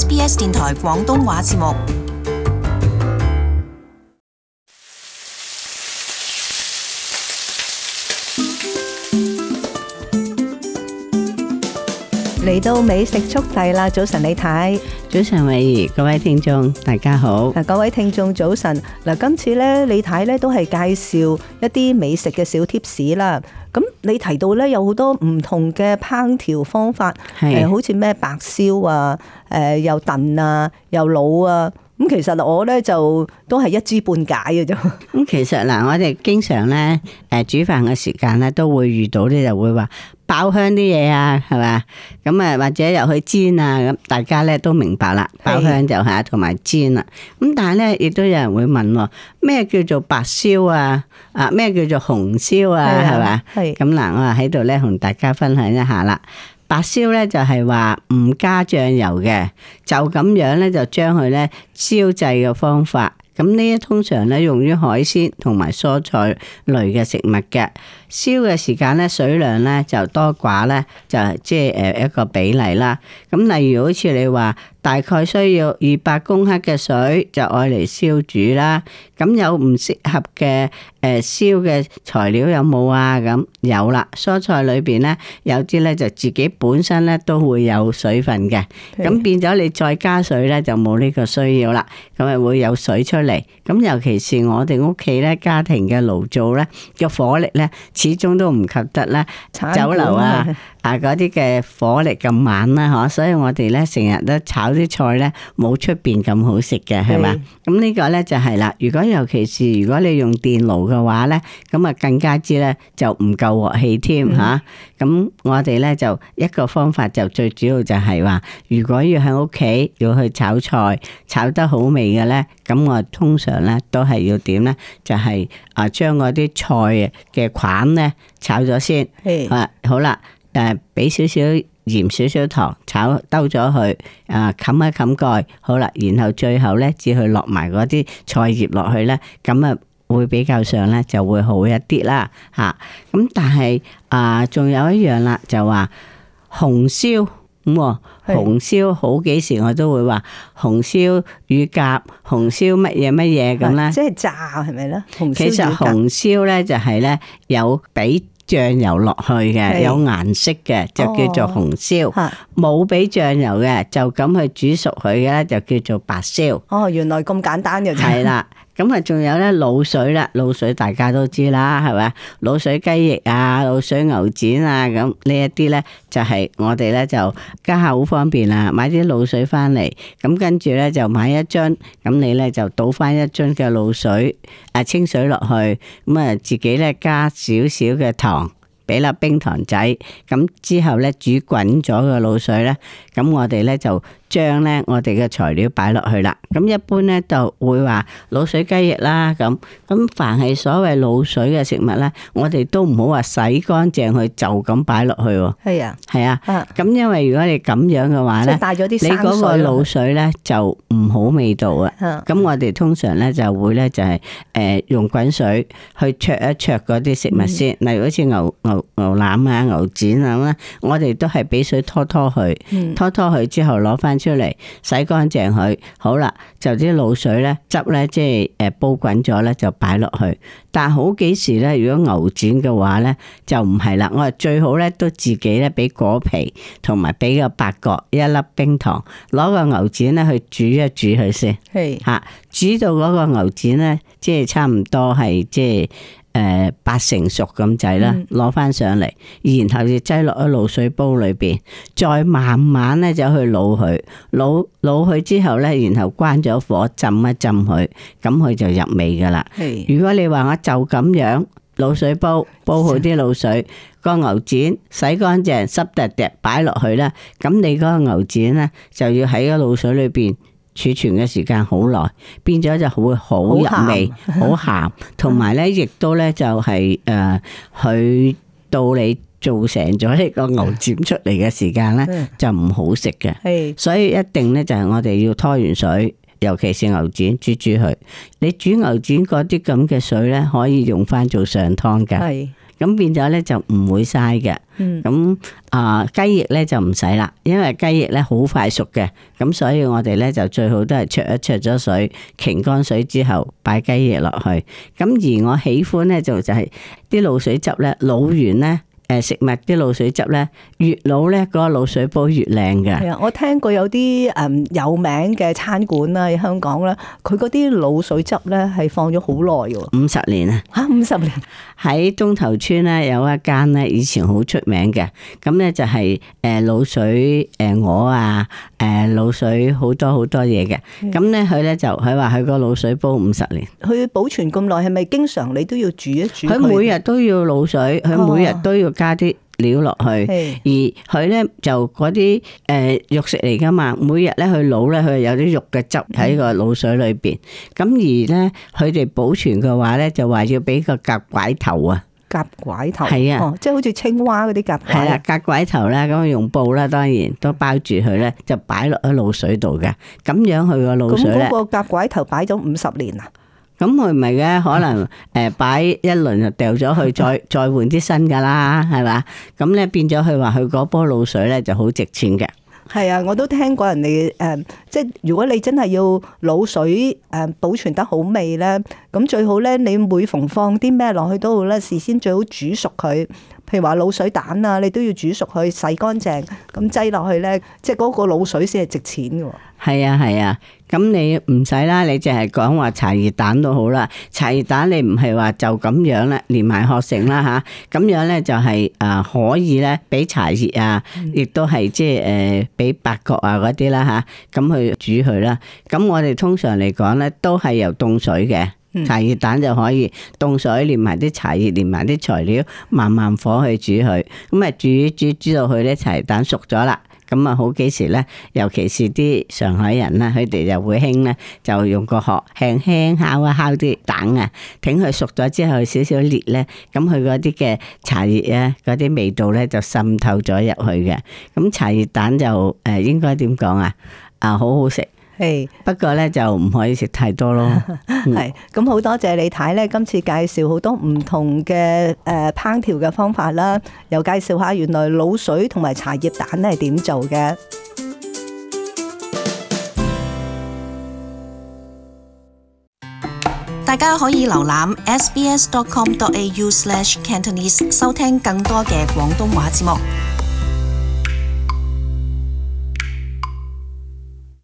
SBS 電台廣東話節目，嚟到美食速遞啦！早晨，李太，早晨，偉儀，各位聽眾，大家好。嗱，各位聽眾，早晨。嗱，今次咧，李太咧都係介紹一啲美食嘅小貼士啦。咁你提到咧，有好多唔同嘅烹調方法，誒是的、呃、好似咩白燒啊，誒、呃、又燉啊，又滷啊，咁其實我咧就都係一知半解嘅啫、嗯。咁其實嗱，我哋經常咧誒煮飯嘅時間咧，都會遇到咧就會話。爆香啲嘢啊，係嘛咁啊，或者入去煎啊，咁大家咧都明白啦。是爆香就係同埋煎啊，咁但係咧亦都有人會問喎、啊，咩叫做白燒啊？啊咩叫做紅燒啊？係嘛是、啊吧，係咁嗱，我喺度咧同大家分享一下啦。白燒咧就係話唔加醬油嘅，就咁樣咧就將佢咧燒製嘅方法。咁呢通常咧用於海鮮同埋蔬菜類嘅食物嘅，燒嘅時間咧水量咧就多寡咧就即係誒一個比例啦。咁例如好似你話。大概需要二百公克嘅水就愛嚟燒煮啦。咁有唔適合嘅誒燒嘅材料有冇啊？咁有啦。蔬菜裏邊咧有啲咧就自己本身咧都會有水分嘅。咁的變咗你再加水咧就冇呢個需要啦。咁啊會有水出嚟。咁尤其是我哋屋企咧家庭嘅爐灶咧嘅火力咧始終都唔及得啦酒樓樓啊。 啊！嗰啲嘅火力咁猛啦，嗬，所以我哋咧成日都炒啲菜咧冇出面咁好食嘅，係嘛？咁呢是、嗯嗯、個咧就係、是、啦。如果尤其是如果你用電爐嘅話咧，咁啊更加之咧就唔夠鑊氣添嚇。咁、啊、我哋咧就一個方法就最主要就係、是、話，如果要喺屋企要去炒菜炒得好味嘅咧，咁我通常咧都係要點咧，就係啊將嗰啲菜嘅菌咧炒咗先，啊是、嗯、好啦。好誒，俾少少鹽少少糖炒兜咗佢，啊，冚一冚蓋，好啦，然後最後咧只至去落埋嗰啲菜葉落去咧，咁啊會比較上咧就會好一啲啦，吓。咁但係啊，仲有一樣啦，就話紅燒咁喎，紅燒好幾時我都會話紅燒乳鴿，紅燒乜嘢乜嘢咁咧，即係炸係咪咧？其實紅燒咧就係咧有俾。醬油落去嘅，是有顏色嘅就叫做紅燒；冇俾、哦、醬油嘅，就咁去煮熟佢咧，就叫做白燒。哦，原來咁簡單嘅就係啦。咁啊，仲有咧滷水啦，滷水大家都知啦，係咪？滷水雞翼啊，滷水牛展啊，咁呢一啲咧就係我哋咧就家下好方便啦，買啲滷水翻嚟，咁跟住咧就買一樽，咁你咧就倒翻一樽嘅滷水啊清水落去，咁啊自己咧加少少嘅糖，俾粒冰糖仔，咁之後咧煮滾咗嘅滷水咧，咁我哋咧就。將咧我哋嘅材料擺落去啦，咁一般咧就會話滷水雞翼啦，咁咁凡係所謂滷水嘅食物咧，我哋都唔好話洗乾淨去就咁擺落去喎。係啊，係啊，咁、啊、因為如果你咁樣嘅話咧，帶咗啲，你嗰個滷水咧就唔好味道啊。咁我哋通常咧就會咧就係誒用滾水去灼一灼嗰啲食物先，嗯、例如好似牛牛牛腩啊、牛展啊，咁咧我哋都係俾水拖拖佢，拖拖佢之後攞翻。出嚟洗乾淨佢，好啦，就啲滷水咧，汁咧即係誒煲滾咗咧就擺落去。但好幾時咧，如果牛展嘅話咧就唔係啦。我係最好咧都自己咧俾果皮同埋俾個八角一粒冰糖，攞個牛展咧去煮一煮佢先。係吓是煮到嗰個牛展咧，即係差唔多係即係。誒，八成熟咁滯啦，攞翻上嚟，然後要擠落去滷水煲裏邊，再慢慢咧就去滷佢，滷滷佢之後咧，然後關咗火，浸一浸佢，咁佢就入味噶啦。如果你話我就咁樣滷水煲煲好啲滷水，個牛展洗乾淨，濕滴滴擺落去啦，咁你嗰個牛展咧就要喺個滷水裏邊。儲存嘅時間好耐，變咗就會好入味、好咸鹹，同埋咧亦都咧就係、是、誒，佢、呃、到你做成咗呢個牛展出嚟嘅時間咧， 就唔好食嘅。的所以一定咧就係我哋要拖完水，尤其是牛展煮煮佢。你煮牛展嗰啲咁嘅水咧，可以用翻做上湯嘅。咁變咗咧就唔會嘥嘅，咁啊、嗯呃、雞翼咧就唔使啦，因為雞翼咧好快熟嘅，咁所以我哋咧就最好都係焯一焯咗水，擎乾水之後擺雞翼落去。咁而我喜歡咧就就係啲滷水汁咧滷完咧。誒，食物啲滷水汁咧，越老咧，嗰個滷水煲越靚嘅。係啊，我聽過有啲誒有名嘅餐館啦，喺香港啦，佢嗰啲滷水汁咧係放咗好耐嘅。五十年啊！吓，五十年喺中頭村咧有一間咧，以前好出名嘅。咁咧就係誒滷水誒鵝啊，誒滷水好多好多嘢嘅。咁咧佢咧就佢話佢個滷水煲五十年。佢保存咁耐，係咪經常你都要煮一煮佢？佢每日都要滷水，佢每日都要。哦加啲料落去，而佢咧就嗰啲誒肉食嚟噶嘛，每日咧佢滷咧佢有啲肉嘅汁喺個滷水裏邊。咁而咧佢哋保存嘅話咧，就話要俾個夾拐頭啊，夾拐頭係啊，哦、即係好似青蛙嗰啲夾拐頭係啊，夾拐頭啦，咁用布啦，當然都包住佢咧，就擺落喺滷水度嘅。咁樣佢個滷水咧，咁嗰個夾拐頭擺咗五十年啊！咁佢唔係嘅，可能誒擺一輪就掉咗去，再再換啲新㗎啦，係嘛？咁咧變咗佢話佢嗰波滷水咧就好值錢嘅。係啊，我都聽過人哋誒、呃，即係如果你真係要滷水誒、呃、保存得好味咧，咁最好咧你每逢放啲咩落去都好咧，事先最好煮熟佢。譬如話滷水蛋啊，你都要煮熟佢洗乾淨，咁擠落去呢，即係嗰個滷水先係值錢嘅。係啊係啊，咁你唔使啦，你淨係講話茶葉蛋都好啦。茶葉蛋你唔係話就咁樣啦，連埋殼成啦吓，咁樣呢就係誒可以呢，俾茶葉啊，亦都係即係誒俾八角啊嗰啲啦吓，咁去煮佢啦。咁我哋通常嚟講呢，都係由凍水嘅。茶葉蛋就可以凍水連埋啲茶葉連埋啲材料，慢慢火去煮佢，咁啊煮煮煮到佢啲茶葉蛋熟咗啦，咁啊好幾時咧，尤其是啲上海人啦，佢哋就會興咧，就用個殼輕輕敲一,一敲啲蛋啊，等佢熟咗之後少少裂咧，咁佢嗰啲嘅茶葉啊，嗰啲味道咧就滲透咗入去嘅，咁茶葉蛋就誒應該點講啊啊好好食。Hey, 不過咧就唔可以食太多咯。係， 咁好多謝李太咧，今次介紹好多唔同嘅誒烹調嘅方法啦，又介紹下原來滷水同埋茶葉蛋咧係點做嘅。大家可以瀏覽 sbs.com.au/cantonese，收聽更多嘅廣東話節目。